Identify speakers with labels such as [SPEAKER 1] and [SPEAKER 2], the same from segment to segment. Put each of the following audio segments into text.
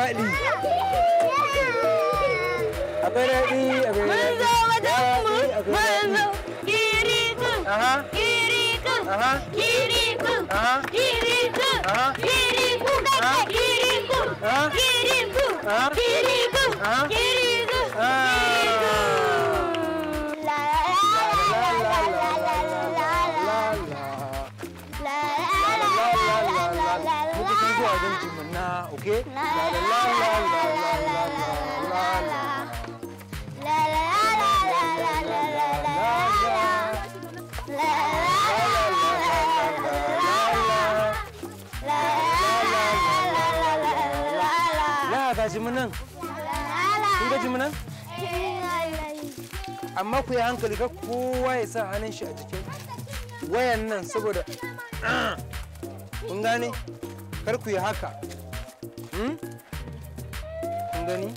[SPEAKER 1] faɗi akwai daɗi akwai mun zo wajen mu kiri. Uh-huh. Uh-huh. zuwa wajen jimanna okay la la la la la la la la la la la la la la amma ku yi hankali ka kowa ya sa hannun shi a jikin wayan nan saboda kun gane kar ku yi haka hmm? kun gani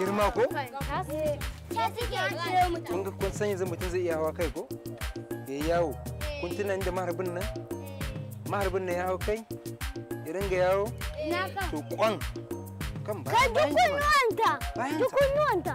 [SPEAKER 1] girma ko kun ga kun san yanzu mutum zai iya hawa kai ko ya yawo kun tuna inda maharbin nan maharbin nan ya hau kai ya ringa yawo to kwan kan bayan bayan ta bayan ta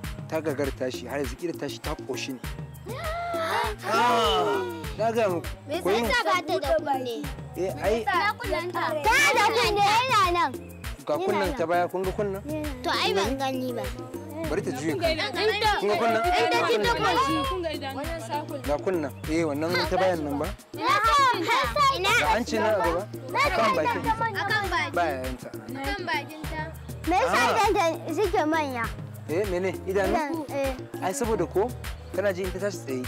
[SPEAKER 1] ta gagar tashi har yanzu kira tashi ta koshi ne na ga mu ta ba ta da kunne eh ai ta da kunne yana nan ga kunnan ta baya kun ga kunna? to ai ban gani ba bari ta juye kun ga kunnan ai da ci ta koshi ga kunnan eh wannan ta bayan nan ba ina an ci na gaba bakin bakin bayan ta bakin ta me yasa ah. ta suke manya eh mene idanu eh. ai saboda ko kana ji in ta tashi tsaye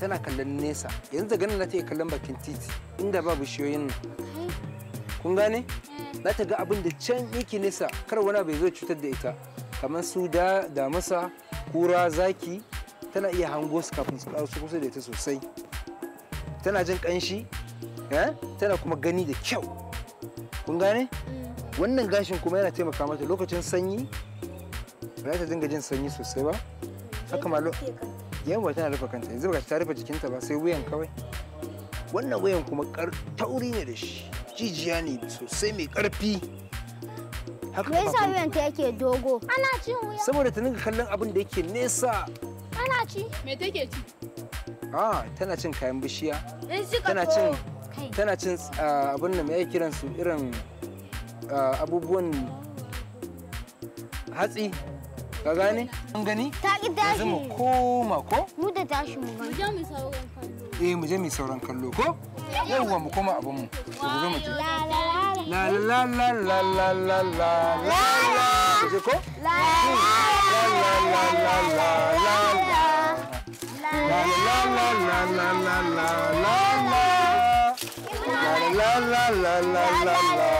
[SPEAKER 1] tana kallon nesa yanzu da ganin na ta kallon bakin titi inda ba bishiyoyin nan kun gane hmm. za ta ga abin da can yake nesa kar wani bai zo cutar da ita kamar su da damisa kura zaki tana iya hango su kafin su karo su kusa da ita sosai tana jin kanshi eh? tana kuma gani da kyau kun gane hmm. wannan gashin kuma yana taimaka mata lokacin sanyi ba ta dinga jin sanyi sosai ba haka malo yawa tana rufe kanta yanzu ba ta rufe jikinta ba sai wuyan kawai wannan wuyan kuma kar tauri ne da shi jijiya ne sosai mai karfi haka me yasa wuyan ta yake dogo ana ci wuya saboda ta dinga kallon abin da yake nesa ana ci me take ci ah tana cin kayan bishiya tana cin tana cin abin da mai kiransu irin abubuwan hatsi Ka gane? An gani? Ta ki tashi. mu koma ko? Mu da tashi mu gani. je mu sauran kallo. Eh mu je mu sauran kallo ko? Yawwa mu koma abin mu. mu je. La la la la la la la la la la. Ku je ko? La la la la la la la la. La la la la la la la la la. La la la la la la la la.